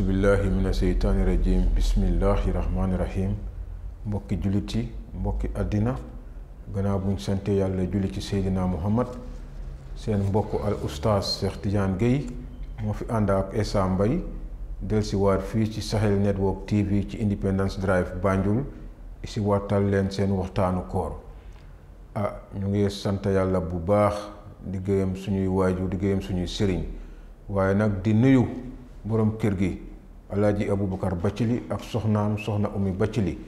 ausu billahi mina seytaani rajim bismillahi rahmaani rahim mbokki jullit yi mbokki àddina gannaaw buñ sante yàlla julli ci seydina muhammad seen mbokk al oustaz Cheikh Tidiane Gueye moo fi ànd ak Essa Mbaye delsi waat fii ci Sahel Network TV ci Independence Drive Banjul si wattal leen seen waxtaanu koor ah ñu ngi sant yàlla bu baax di gërëm suñuy waajur di gërëm suñuy sëriñ waaye nag di nuyu borom kër gi abu alaaji aboubacar li ak soxnaam soxna umi baccili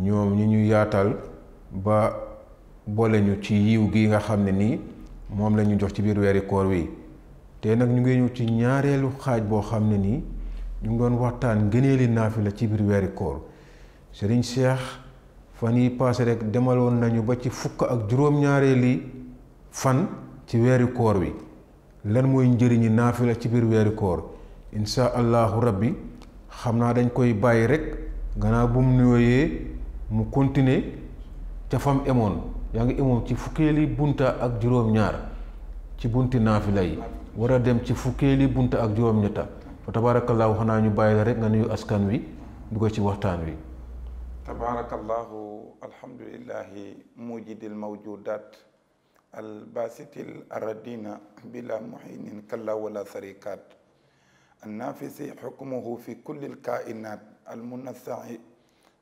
ñoom ñi ñu yaatal ba boole ñu ci yiw gi nga xam ne nii moom la ñu jox ci biir weeri koor wi te nag ñu ngi ñëw ci ñaareelu xaaj boo xam ne nii ñu ngi doon waxtaan ngëneeli naafila ci biir weeri koor sëriñ seex fan yi paase rek demaloon nañu ba ci fukk ak juróom-ñaareeli fan ci weeri koor wi lan mooy njëriñi naafila ci biir weeri koor insha allahu rabbi xam naa dañ koy bàyyi rek gannaaw bu mu nuyooyee mu continuer ca fam emoon yaa ngi emoon ci fukkeeli bunta ak juróom-ñaar ci bunti naafila yi war a dem ci fukkeeli bunta ak juróom-ñetta fa tabaarakallaahu xanaa ñu bàyyi la rek nga nuyu askan wi dugg ci waxtaan wi tabaarakallaahu alhamdulillahi mujidil mawjudaat albasitil aradina bila muhinin kalla wala sarikaat النافس حكمه في كل الكائنات المنزع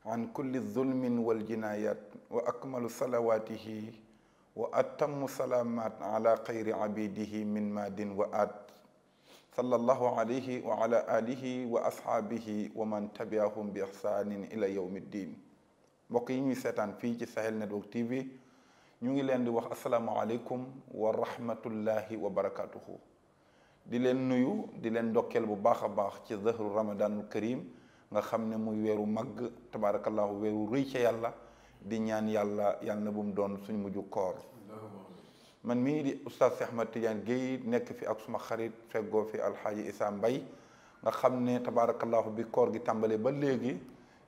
عن كل الظلم والجنايات وأكمل صلواته وأتم سلامات على خير عبيده من ماد وآت صلى الله عليه وعلى آله وأصحابه ومن تبعهم بإحسان إلى يوم الدين mbokk ستان في سهل ندوك ci Sahel Network TV عليكم ورحمة الله وبركاته di leen nuyu di leen ndokkeel bu baax a baax ci zahru ramadanul karim nga xam ne muy weeru màgg tabaarakallahu weeru rëy ca yàlla di ñaan yàlla yàlla na bu mu doon suñ mujju koor man mii di oustaz Cheikh Ahmed Tidiane Guèye nekk fi ak suma xarit feggoo fi alxaaji isa Mbay nga xam ne tabaarakallahu bi koor gi tàmbalee ba léegi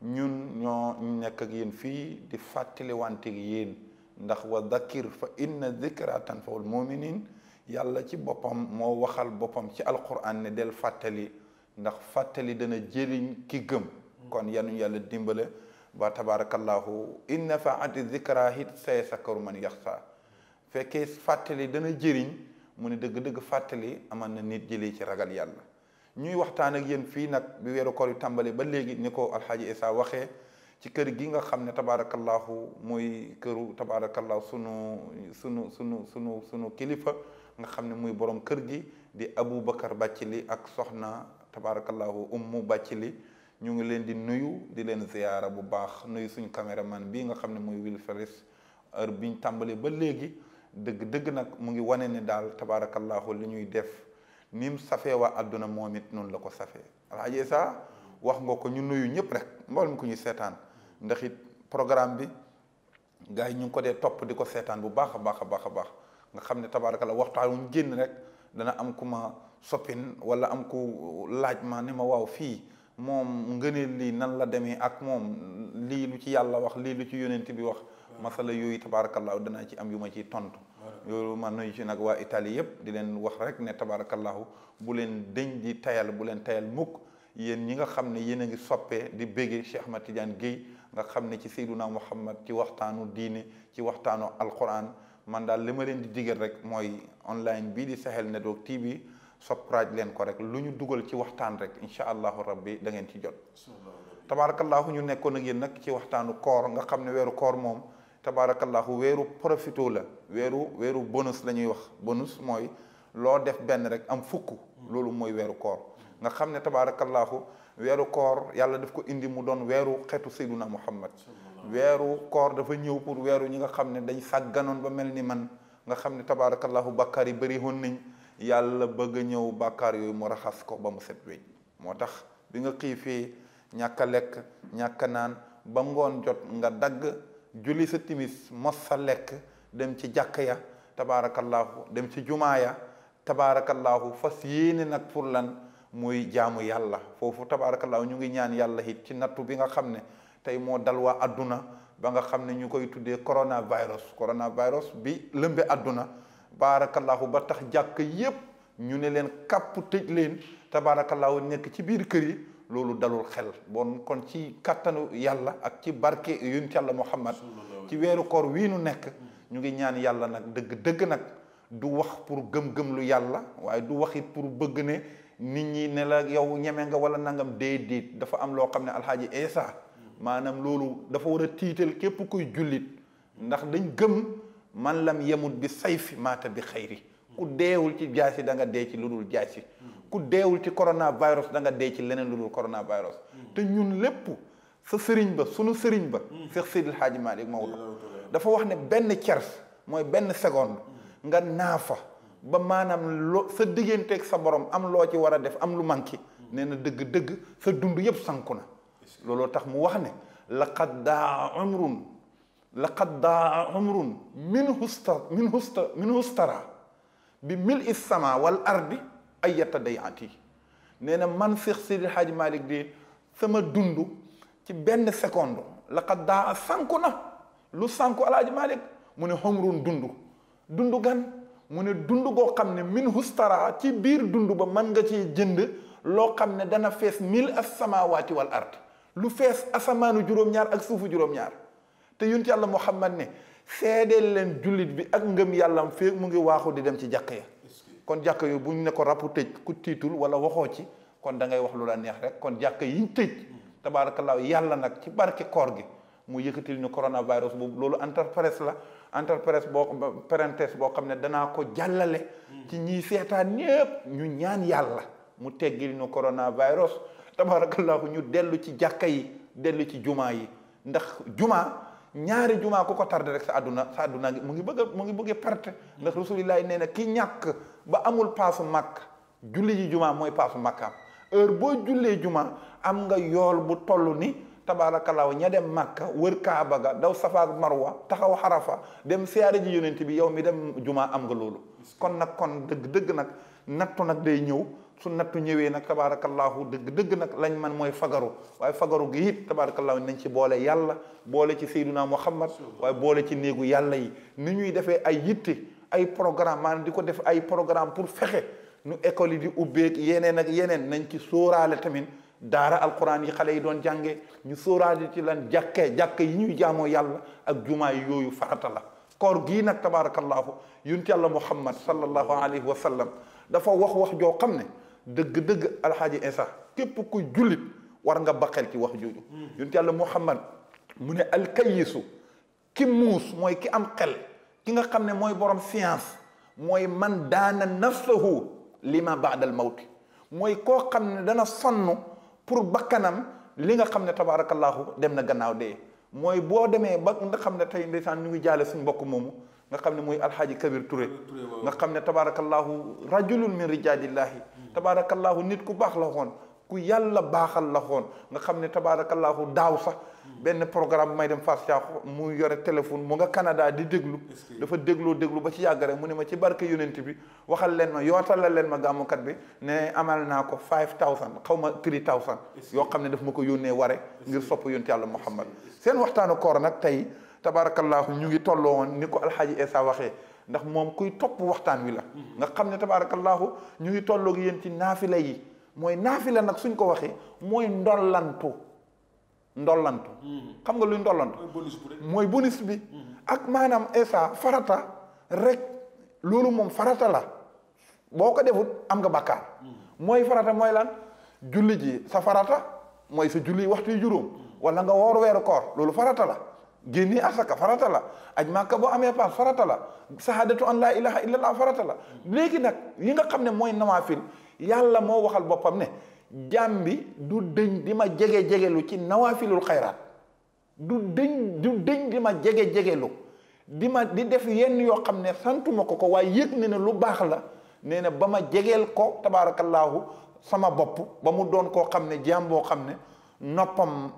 ñun ñoo nekk ak yéen fii di fàttaliwante ak yéen ndax wa dakir fa inna dikra tanfaul muminin yàlla ci boppam moo waxal boppam ci alquran ne del fàttali ndax fàttali dana jëriñ ki gëm kon yanuñ yàlla dimbale ba tabarakallahu in nafaati zikra hit say sakaru man yaxsa fekkee fàttali dana jëriñ mu ne dëgg-dëgg fàttali aman na nit jëlee ci ragal yàlla ñuy waxtaan ak yéen fii nag bi weeru koor yu tàmbali ba léegi ni ko alxaaji Isa waxee ci kër gi nga xam ne tabarakallahu muy këru tabarakallahu sunu sunu sunu sunu sunu kilifa nga xam ne muy borom kër gi di Aboubacar li ak soxna tabarakallahu ummu li ñu ngi leen di nuyu di leen ziyaara bu baax nuyu suñ man bii nga xam ne muy Will Ferris heure biñ tàmbalee ba léegi dëgg dëgg nag mu ngi wane ne daal tabarakallahu li ñuy def nim mu safee waa àdduna moom it noonu la ko safee alaaji saa wax nga ko ñu nuyu ñëpp rek mboolem ko ñu seetaan ndax it programme bi gars yi ñu ngi ko dee topp di ko seetaan bu baax a baax a baax a baax nga xam ne tabaarakalla waxtaan wuñ génn rek dana am kuma ma soppin wala am ku laaj ma ne ma waw fi mom ngëneel li nan la deme ak mom li lu ci yàlla wax li lu ci yonent bi wax masala yooyu tabaarakallaahu dana ci am yuma ci tontu loolu ma noy ci nak wa itali yeb di len wax rek ne tabaarakallaahu bu len dëñ di tayal bu len tayal muk yen ñi nga xam yen nga soppe di bege Cheikh Ahmad Tidiane Guèye nga xam ci sayyiduna Muhammad ci waxtanu diine ci waxtanu alquran man daal li ma leen di digal rek mooy online bii di sexeel Sahel Network TV soppraaj leen ko rek lu ñu dugal ci waxtaan rek incha allahu rabbi da ngeen ci jot tabaarakallahu ñu nekkoon ak yéen nag ci waxtaanu koor nga xam ne weeru koor moom tabaarakallahu weeru profito la weeru weeru bonus la ñuy wax bonus mooy loo def benn rek am fukk loolu mooy weeru koor nga xam ne tabaarakallahu weeru koor yàlla def ko indi mu doon weeru xeetu sayduna muhammad wéru koor dafa ñëw pour wéru ñi nga xam dañ sagganon ba melni man nga xam tabarakallah bakari bàkkaar yi bëri woon bëgg ñëw bakkar yu mu raxas ko ba mu set wécc motax bi nga xifé ñaka lek ñaka naan ba ngon jot nga dag julli sa timis mos sa lekk dem ci jakkaya ya dem ci jumaaya ya fas yéene pour lan muy jaamu yalla fofu ñu ngi ñaan yalla hit ci natu bi nga xamne tey moo dal waa adduna ba nga xam ne ñu koy tuddee coronavirus coronavirus bi lëmbe àdduna baarakallahu ba tax jàkk yépp ñu ne leen kàpp tëj leen tabaarakallahu nekk ci biir kër yi loolu dalul xel bon kon ci kattanu yàlla ak ci barke yunt yàlla Muhammad ci weeru koor wii nu nekk ñu ngi ñaan yàlla nag dëgg dëgg nag du wax pour gëm-gëm lu yàlla waaye du wax it pour bëgg ne nit ñi ne la yow ñeme nga wala nangam déedéet dafa am loo xam ne alxaaji Isa maanaam loolu dafa war a tiital képp kuy jullit ndax dañ gëm man lam yemut bi say fi maata bi xayri ku deewul ci jaasi da danga dee ci lu dul jaasi ku deewul ci coronavirus da nga dee ci leneen lu dul coronavirus te ñun lépp sa sëriñ ba sunu sëriñ ba Seex mm. Seydil Haaji Maalik Maodo dafa wax ne benn cers mooy benn seconde mm. nga naafa ba maanaam loo sa diggante digganteeg sa borom am loo ci war a def am lu manqué mm. nee na dëgg-dëgg sa dund yëpp sanku na looloo tax mu wax ne laqad daa umrun laqad daa umrun min husta min husta bi mil is sama ay yatta day ati nee na man Seex Seydi Haaji Malick de sama dund ci benn seconde laqad daa sànku na lu sànku alaaji Malick mu ne umrun dund dund gan mu ne dund goo xam ne min hustara ci biir dund ba man nga ci jënd loo xam ne dana fees mil as samaawaati wal ard lu fess asamanu jurom ñaar ak suufu jurom ñaar te yunt yalla muhammad ne seedeel len julit bi ak ngëm yàllam feeg mu ngi waxu di dem ci jakkay ya kon jakkay buñ ne ko rapu tej ku titul wala waxo ci kon da ngay wax lu la neex rek kon jakkay yiñ tej tabarakallah yalla nak ci barke koor gi mu yëkëtil ñu coronavirus bu lolu entrepreneurs la entrepreneurs bo parenthèse bo xamne ne ko Ti ci ñi sétane ñepp ñu ñaan yalla mu teggil ñu coronavirus tabaarakallaahu ñu dellu ci jàkka yi dellu ci jumaa yi ndax jumaa ñaari jumaa ku ko tardé rek sa àdduna sa àdduna mu ngi bëgg a mu ngi bëgg a perte ndax rasulillahi nee na ki ñàkk ba amul paasu makk julli ji jumaa mooy paasu màkkaam heure boo jullee jumaa am nga yool bu toll ni tabaarakallaahu ña dem màkka wër kaaba ga daw safaak marwa taxaw xarafa dem siyaare ji yonent bi yow mi dem jumaa am nga loolu kon nag kon dëgg dëgg nag nattu nag day ñëw sunnatu ñewé ñëwee nag tabaarakallaahu dëgg dëgg lañ man mooy fagaru waaye fagaru gi it tabaarakallaahu nañ ci boole yàlla boole ci Seyduna Muhammad waaye boole ci néegu yàlla yi ni ñuy defee ay yitte ay programme maanaam di def ay programme pour fexe nu école yi di ubbeek yeneen ak yeneen nañ ci sóoraale tamit daara alquran yi xale yi doon jànge ñu sóoraale ci lan jàkkee jàkk yi ñuy jaamoo yàlla ak jumaa yi farata la koor gii nag tabaarakallaahu yunt yàlla Muhammad sallallahu alayhi wa sallam dafa wax wax joo xam dëgg-dëgg alxaaji Insa képp ku jullit war nga baqel ci wax jooju yonent yàlla Muhammad mu ne alkayisu ki muus mooy ki am xel ki nga xam ne mooy borom science mooy man daana nafsahu lima baadal mawti mooy koo xam ne dana sonn pour bakkanam li nga xam ne tabaarakallaahu dem na gannaaw dee mooy boo demee ba nga xam ne tey ndeysaan ñu ngi jaale suñ mbokk moomu nga xam ne mooy alxaaji kabir Touré nga xam ne tabaarakallahu rajulun min rijaalillahi tabaarakallahu nit ku baax la xoon ku yàlla baaxal la xoon nga xam ne tabaarakallahu daaw sax benn programme may dem Fass Thiaw mu yore téléphone mu nga Canada di déglu dafa dégloo déglu ba ci yàgg rek mu ne ma ci barke yonent bi waxal leen ma yootalal leen ma gàmmukat bi ne amal naa ko 5000 thousand xaw ma three yoo xam ne daf ma ko yónnee ware ngir sopp yonent yàlla Muhammad seen waxtaanu koor nag tey tabaarakallaahu ñu ngi tolloo woon ni ko alxaaji esa waxe ndax moom kuy topp waxtaan wi la nga xam ne tabaarakallaahu ñu ngi tolloo gi yéen ci naafila yi mooy naafila nag suñ ko waxee mooy ndollantu ndollantu xam nga luy ndollantu mooy bonus bi ak maanaam esa farata rek loolu moom farata la boo ko defut am nga bàkkaar mooy farata mooy lan julli ji sa farata mooy sa julli waxtu yu juróom wala nga woor weeru koor loolu farata la génnee asaka farata la aj màkka boo amee paas farata la sahadatu an laa ilaha illallah farata la léegi nag yi nga xam ne mooy nawaafil yàlla moo waxal boppam ne jàmm bi du dëñ di ma jege-jegelu ci nawaafilul xayraat du dëñ du dëñ jege-jegelu di ma di def yenn yoo xam ne santuma ko ko waaye yëg ne ne lu baax la nee na ba ma jegeel ko tabaarakallaahu sama bopp ba mu doon koo xam ne jaam boo xam ne noppam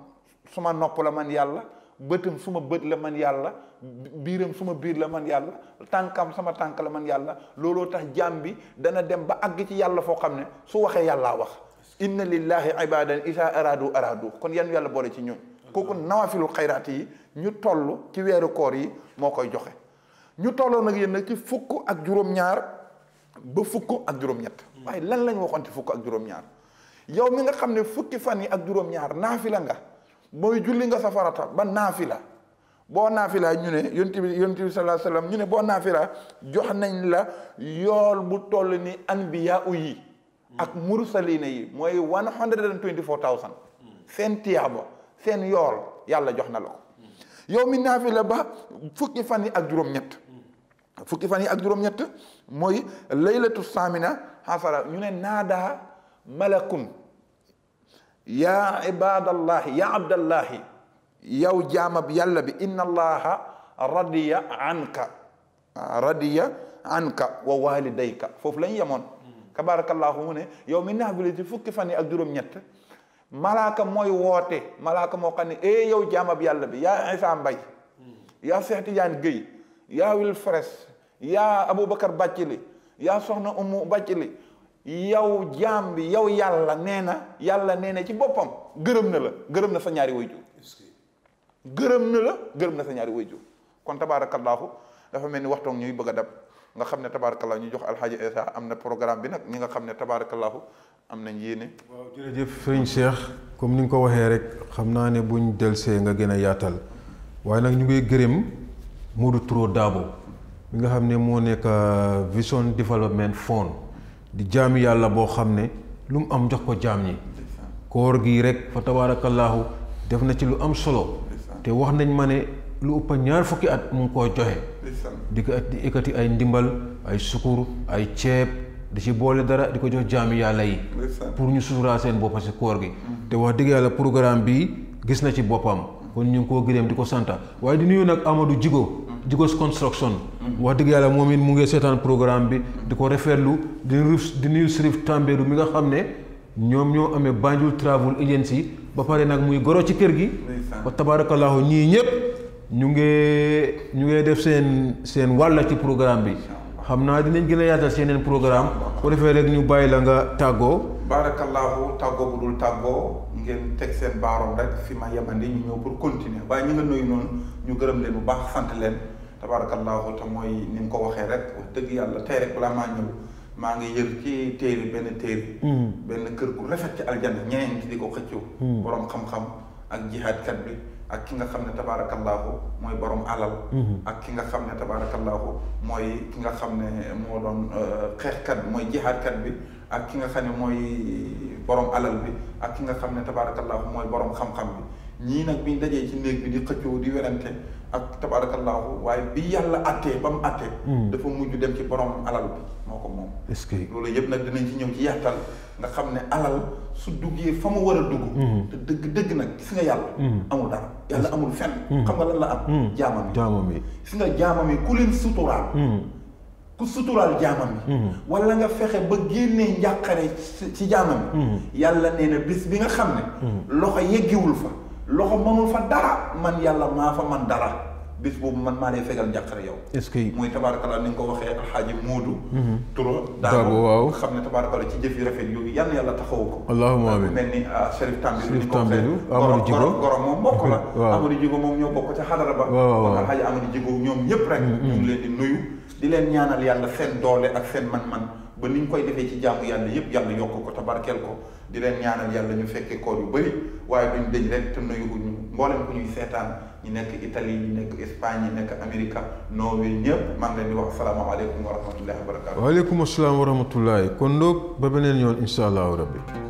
suma nopp la man yàlla bëtam suma bët la man yàlla biiram suma biir la man yàlla tànkam sama tànk la man yàlla looloo tax jaam bi dana dem ba àgg ci yàlla foo xam ne su waxee yàlla wax inna lillahi ibadan isa aradu aradu kon yan yàlla boole ci ñun kooku nawafilul xayraat yi ñu toll ci weeru koor yi moo koy joxe ñu tolloo nag yéen nag ci fukk ak juróom-ñaar ba fukk ak juróom-ñett waaye lan lañu waxoon ci fukk ak juróom-ñaar yow mi nga xam ne fukki fan yi ak juróom-ñaar naafila mooy julli nga sa farata ba nafila bo nafila ñune yonti bi yonti bi salaa salaam ñu ne boo naafila jox nañ la yool bu toll ni anbiya u yi ak mursalina yi moy 124000 sen tiyabo sen four yool yàlla jox na la yow mi nafila ba fukki fani ak juroom ñet fukki fani ak juroom ñet moy laylatu samina xasara ñune nada naadaa malakun يا عباد الله يا عبد الله يا جامب يلا إن الله رضي عنك رضي عنك ووالديك فوف لن يمون كبارك الله هنا يوم إنها بلدي فك فاني أدرم نيت ملاك موي ووتي ملاك مو قاني إيه يو جامب يلا يا عسام باي يا سيحتي جان يا ويل فريس يا أبو بكر باكيلي يا صحنا أمو باكيلي yow jaam bi yow yàlla nee na yàlla nee na ci boppam gërëm na la gërëm na sa ñaari wayjur gërëm na la gërëm na sa ñaari wayjur kon tabaarakallaahu dafa mel ni waxtoom ñuy bëgg a dab nga xam ne tabaarakallaahu ñu jox alxaaji am na programme bi nag ñi nga xam ne tabaarakallaahu am nañ yéene waaw jërëjëf sëriñ Cheikh comme ni nga ko waxee rek xam naa ne buñ delsee nga gën a yaatal waaye nag ñu ngi gërëm Modou Touré Dabo mi nga xam ne moo nekk euh, Vision Development Fund di jaami yàlla boo xam ne lu mu am jox ko jaam ñi koor gi rek fa tabaarakallaahu def na ci lu am solo te wax nañ ma ne lu ëpp ñaar fukki at mu ngi koo joxe di ko di ekkati ay ndimbal ay sukur ay ceeb di ci boole dara di ko jox jaami yàlla yi pour ñu suturaa seen bopp ci koor gi te wax dëgg yàlla programme bi gis na ci boppam kon ñu ngi koo gërëm di ko santa waaye di nuyu nag Amadou Djigo Jigos Construction. wax dëgg yàlla moom it mu ngi seetaan programme bi di ko rafetlu di ruf di nuyu Sirif Tambédou mi nga xam ne ñoom ñoo amee Banjul Travel Agency ba pare nag muy goro ci kër gi. ba tabaarakallaahu ñii ñëpp ñu ngi ñu ngi def seen seen wàll ci programme bi. xam naa dinañ gën a yaatal seeneen programme bu defee rek ñu bàyyi la nga tàggoo baarakallaahu tàggoo bu dul tàggoo ngeen teg seen baaroom rek fi ma yemandi ñu ñëw pour continuer waaye ñu nga noonu ñu gërëm leen bu baax sant leen tabaarakallaahu te mooy ni mu ko waxee rek wax dëgg yàlla tey rek balaa maa ngi yër ci téere benn téere hmm. benn kër gu rafet ci aljana ñeneen ci di ko xëccoo hmm. borom xam-xam ak jihaadkat bi ak ki nga xam ne tabaarakallaahu mooy borom alal hmm. ak ki nga xam ne tabaarakallaahu mooy ki nga xam ne moo doon euh, xeexkat mooy jihaadkat bi ak ki nga xam ne mooy borom alal bi ak ki nga xam ne tabaarakallaahu mooy boroom xam-xam bi ñii nag bi ñu dajee ci néeg bi di xëccoo di werante ak tabaarakallaahu waaye bi yàlla àttee ba mu àttee. Hmm. dafa mujj dem ci borom alal bi moo ko moom. est-ce que loolu yëpp nag dinañ ci ñëw ci yàttal nga xam ne alal su duggee fa mu war a dugg. Hmm. te dëgg dëgg nag gis nga yàlla. Hmm. amul dara yàlla amul fenn. xam nga lan la am. jaamam yi jaamam yi. nga jaamam yi ku leen suturaal. ku suturaal jaamam yi wala nga fexe ba génnee njàqare ci jaamam yi yàlla nee na bis bi nga xam ne loxo yëggewul fa loxo mënul fa dara man yàlla maa fa man dara bis boobu man maa lay fegal njàqare yow. mooy ce que muy tabaarakala ni nga ko waxee alxaaji Moodu. Mm-hmm. Tura Daago waaw xam ne tabaarakala ci jëf yi rafet yu yàlla yàlla taxawu ko. allahumma amiin mel ni ah, Chérif Tambidou. moom bokk la. waaw Amadou Djigo moom ñoo bokk ca xadara ba. waaw waaw alxaaji Amadou Djigo ñoom ñëpp rek. Mm-hmm. ñu leen di nuyu. di leen ñaanal yàlla seen doole ak seen man-man ba ni ñu koy defee ci jaamu yàlla yëpp yàlla yokk ko tabarkeel ko di leen ñaanal yàlla ñu fekkee koor yu bëri waaye duñ dëj rek te nuyu ñu mboolem ku ñuy seetaan ñu nekk Italie ñu nekk Espagne ñu nekk Amérique Norvège ñëpp maa ngi leen di wax salaamaaleykum wa rahmatullahi wa barakaatu. waaleykum salaam wa kon donc ba beneen yoon incha allahu rabbi